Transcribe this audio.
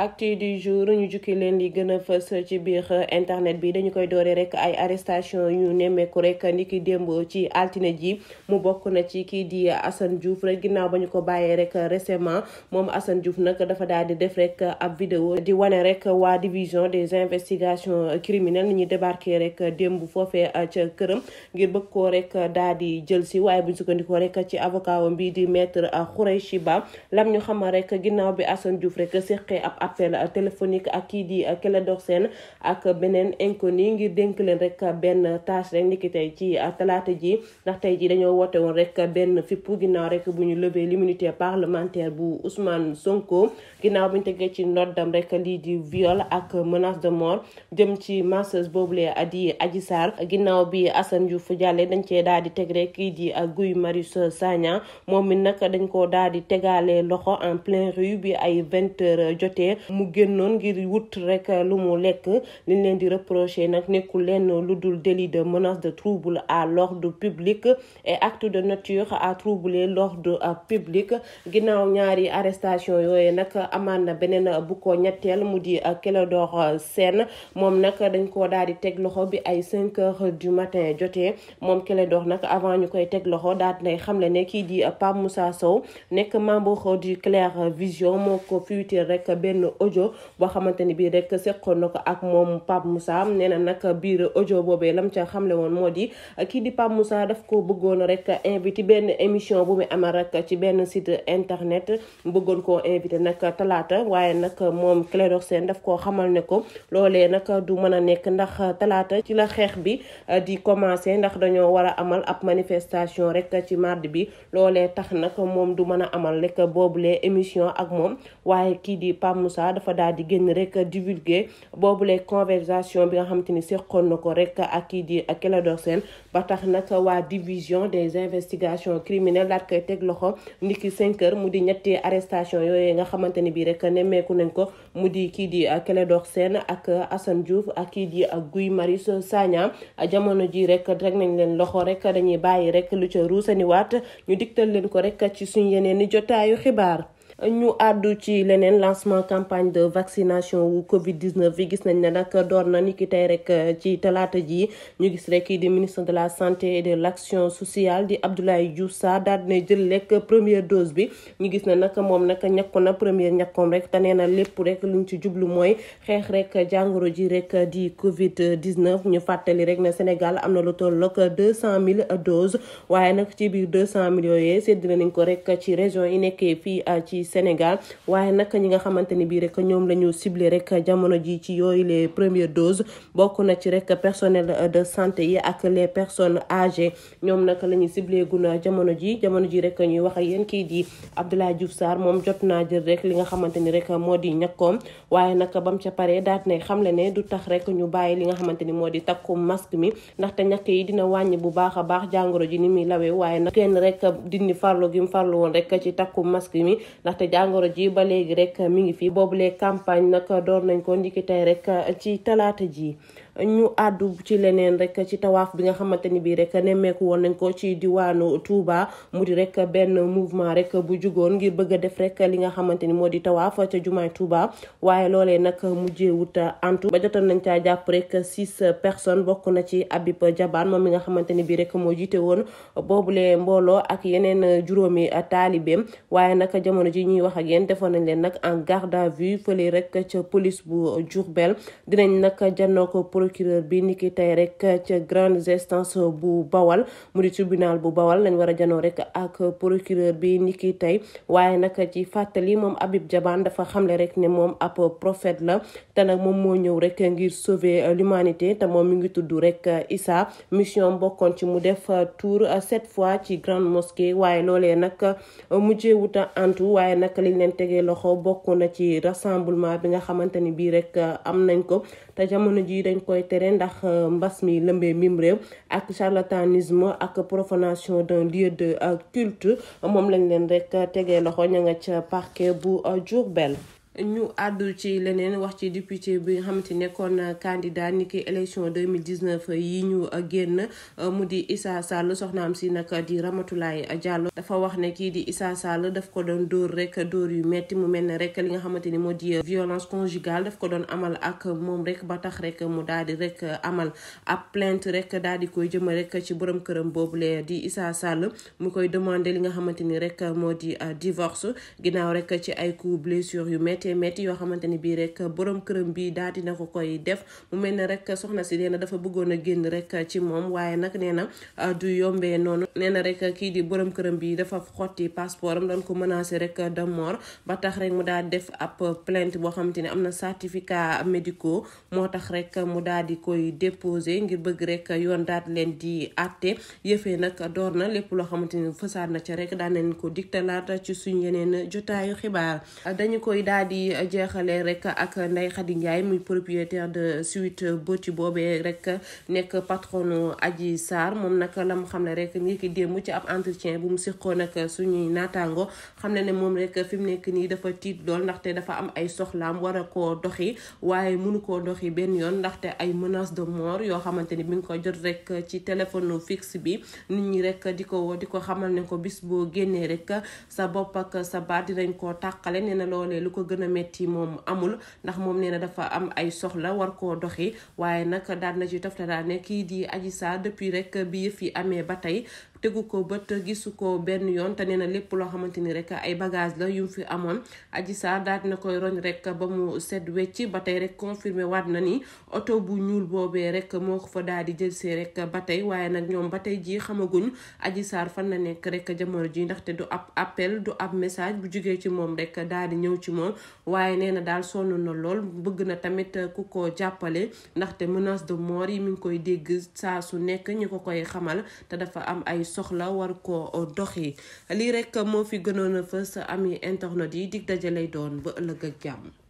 actu du jour ñu jukki leen li gën a fës ci biir internet bi dañu koy dooree rek ay arrestation yu nemmeeku rek niki démboo ci altine ji mu bokk na ci kii di Assane Diouf rek ginnaaw ba ñu ko bàyyee rek récemment moom Assane Diouf nag dafa daal di def rek ab vidéo di wane rek waa division des investigations criminelles ni ñu débarqué rek démb foofee ca këram ngir bëgg koo rek daal di jël si waaye buñ sukkandikoo rek ci avocat bii di maître Khoureychi Ba lam ñu xamal rek ginnaaw bi Assane Diouf rek seqee ab appel euh, téléphonique ak kii di Clédor euh, Sène ak beneen inconnu ngir dénk leen rek benn tâche rek niki ci euh, talaata ji ndax tey ji dañoo woote woon rek benn fippu ginnaaw rek bu ñu lever l'immunité parlementaire bu Ousmane Sonko ginnaaw bu ñu tegee ci ndoddam rek lii di viol ak menace de mort jëm ci masseuse boobule di Adji Sarr ginnaaw bi Assane Diouf jàlle dañ cee daal di teg rek kii di Guy Marius Sagna moom mi nag dañ ko daal di tegaale loxo en plein rue bi ay vingt heures mu génnoon ngir wut rek lu mu lekk liñ leen di reproché nag nekkul lenn lu dul délit de menace de trouble à l'ordre public et acte de nature à troubler l'ordre public ginnaaw ñaari arrestation yooyu nag amaan na beneen bu ko ñetteel mu di Clédor Sène moom nag dañ ko daal di teg loxo bi ay cinq heures du matin jotee moom Clédor nag avant ñu koy teg loxo daal di xamle ne kii di Pape musa Sow nekk membre du Clair Vision moo ko fuité rek benn benn audio boo xamante ni bii rek seqoon na ko ak moom Pape Moussa nee na nag biir ojo boobee lam ca xamle woon moo di kii di Pape Moussa daf ko bëggoon rek invité benn émission bu mu amal rek ci benn site internet bëggoon koo invité nag talaata waaye nag moom Clédor Sène daf koo xamal ne ko loolee nag du mën a nekk ndax talaata ci la xeex bi di commencé ndax dañoo war a amal ab manifestation rek ci mardi bi loolee tax nag moom du mën a amal rek boobulee émission ak moom waaye kii di Pape Moussa Moussa dafa daal di génn rek divulguer boobule conversation bi nga xamante ni seqoon na ko rek ak kii di Clédor Sène ba tax nag waa division des investigations criminelles daal koy teg loxo niki 5 heures mu di ñetti arrestation yooyu nga xamante ni bii rek nemmeeku nañ ko mu di kii di Clédor seen ak Assane Diouf ak kii di Guy Marius Sagna jamono ji rek rek nañ leen loxo rek dañuy bàyyi rek lu ca ruusaniwaat ñu digtal leen ko rek ci suñu yeneen ni jotaayu xibaar ñu àddu ci leneen lancement campagne de vaccination wu Covid 19 bi gis nañ ne nag door na niki tey rek euh, ci talaata ji ñu gis rek di ministre de la santé et de l' sociale di Abdoulaye Diouf Sarr daal dina jël lekk première dose bi ñu gis ne nag moom nag ñàkkoon na première ñàkkoom rek te nee na lépp rek luñ ci jublu mooy xeex rek jàngoro ji rek di Covid 19 ñu fàttali rek ne Sénégal am na lu tollook 200 à doses waaye nag ci biir 200 000 yooyu séddale nañ ko rek ci région yi nekkee fii euh, ci. Sénégal waaye nag ñi nga xamante ni bii rek ñoom la ñu ciblé rek jamono ji ci yooyu les premières dose bokk na ci rek personnel de santé yi ak les personnes âgées ñoom nag la ñuy ciblé guna jamono ji jamono ji rek ñuy wax ak yéen kii di Abdoulaye Diouf Sarr moom jot naa jël rek li nga xamante ni rek moo di ñakkoom waaye nag bam ca paree daat na xam le ne du tax rek ñu bàyyi li nga xamante ni moo di takkum mask mi ndaxte ñàkk yi dina wàññi bu baax a baax jàngoro ji ni muy lawee waaye nag kenn rek dindi farlu gi mu farlu woon rek ci takku masque mi ndaxte ndaxte jàngoro ji ba léegi rek mi ngi fi boobulee campagne nag door nañ ko ndiki tey rek ci talaata ji ñu àddu ci leneen rek ci tawaaf bi nga xamante ni bii rek nemmeeku woon nañ ko ci diwaanu Touba mu di rek benn mouvement rek bu jugoon ngir bëgg a def rek li nga xamante ni moo di tawaaf ca jumaay Touba waaye loolee nag mujjeewut antu ba jotoon nañ caa jàpp rek six personnes bokk na ci Abib Jaban moom mi nga xamante ni bii rek moo jiite woon boobule mbooloo ak yeneen juróomi taalibeem waaye nag jamono ji ñuy wax ak yéen defoon nañ leen nag en garde à vue rek police bu Diourbel procureur bi niki tey rek ca grande instance bu bawal mu di tribunal bu bawal lañ war a janoo rek ak procureur bi niki tey waaye nag ci fàttali moom Habib Diabane dafa xamle rek ne moom ab prophète la te nag moom moo ñëw rek ngir sauver l'humanité te moom mu ngi tudd rek Issa mission bokkoon ci mu def tour sept fois ci grande mosquée waaye loolee nag mujjee wuta antu waaye nag lañ leen tegee loxo bokk na ci rassemblement bi nga xamante ni bii rek am nañ ko koy tere ndax euh, mbas mi lëmbee mim réew ak charlatanisme ak profanation d'un lieu de euh, culture moom lañ leen rek tegee loxo ña nga ca parquet bu euh, Diourbel ñu àddu ci leneen wax ci député bi nga xamante nekkoon candidat ni ki élection 2019 yi ñu génn mu di Issa Sall soxnaam si nag di Ramatoulaye Diallo dafa wax ne kii di Issa Sall daf ko doon dóor rek dóor yu metti mu mel ne rek li nga xamante ni moo di violence conjugale daf ko doon amal ak moom rek ba tax rek mu daal di rek amal ab plainte rek dal di koy jëmal rek ci borom këram boobu boobule di Issa Sall mu koy demandé li nga xamante ni rek moo di divorce ginnaaw rek ci ay coups blessures yu metti méttee métti yoo xamante ni bii rek borom këram bi daal dina ko koy def mu mel ne rek soxna si nee na dafa bëggoon a génn rek ci moom waaye nag nee na ah, du yombee noonu nee na rek kii di borom këram bi dafa xotti passeport am dañ ko menacé rek de mort ba tax rek mu daal def ab boo xamante ni am na certificat médicaux moo tax rek mu daal di koy déposé ngir bëgg rek yoon daal leen di àtte yëfee nag door na lépp loo xamante ni fasaat na ca rek daan leen ko laata ci suñ yeneen jotaayu xibaar dañu koy daal di jeexalee rek ak Ndeye Khady Ndiaye muy propriétaire de suite bëti boobee rek nekk patronu Adji Sarr moom nag la mu xam ne rek nii ki démb ci ab entretien bu mu siqoon ak suñuy naataango xam ne ne moom rek fi mu nekk nii dafa tiit lool ndaxte dafa am ay soxlaam war a koo doxi waaye mënu koo doxi benn yoon ndaxte ay menace de mort yoo xamante ni bi nga ko jot rek ci téléphone fixe bi nit ñi rek di ko di ko xamal ne ko bis boo génnee rek sa bopp sa baat dinañ koo tàqale nee loolee lu ko gën gën a moom amul ndax moom nee na dafa am ay soxla war koo doxi waaye nag daan na ci toftalaane kii di aji saa depuis rek bi yëf amee ba tey tegu ko bët gisu ko benn yoon te nee na lépp loo xamante ni rek ay bagage la yu mu fi amoon Adji Sarr daal na koy roñ rek ba mu set wecc ba tey rek confirmé waat na ni oto bu ñuul boobee rek moo ko fa daal di jël see rek ba tey waaye nag ñoom ba tey jii xamaguñ Adji Sarr fan na nekk rek jamono ji ndaxte du ab appel du ab message bu jugee ci moom rek daal di ñëw ci moom waaye nee na daal sonn na lool bëgg na tamit ku ko jàppale ndaxte menace de mort yi mi ngi koy dégg saa su nekk ñu ko koy xamal dafa am ay soxla war ko euh, doxi lii rek moo fi gënoon a fës ami internet yi dig daje doon ba ëllëg ak jàmm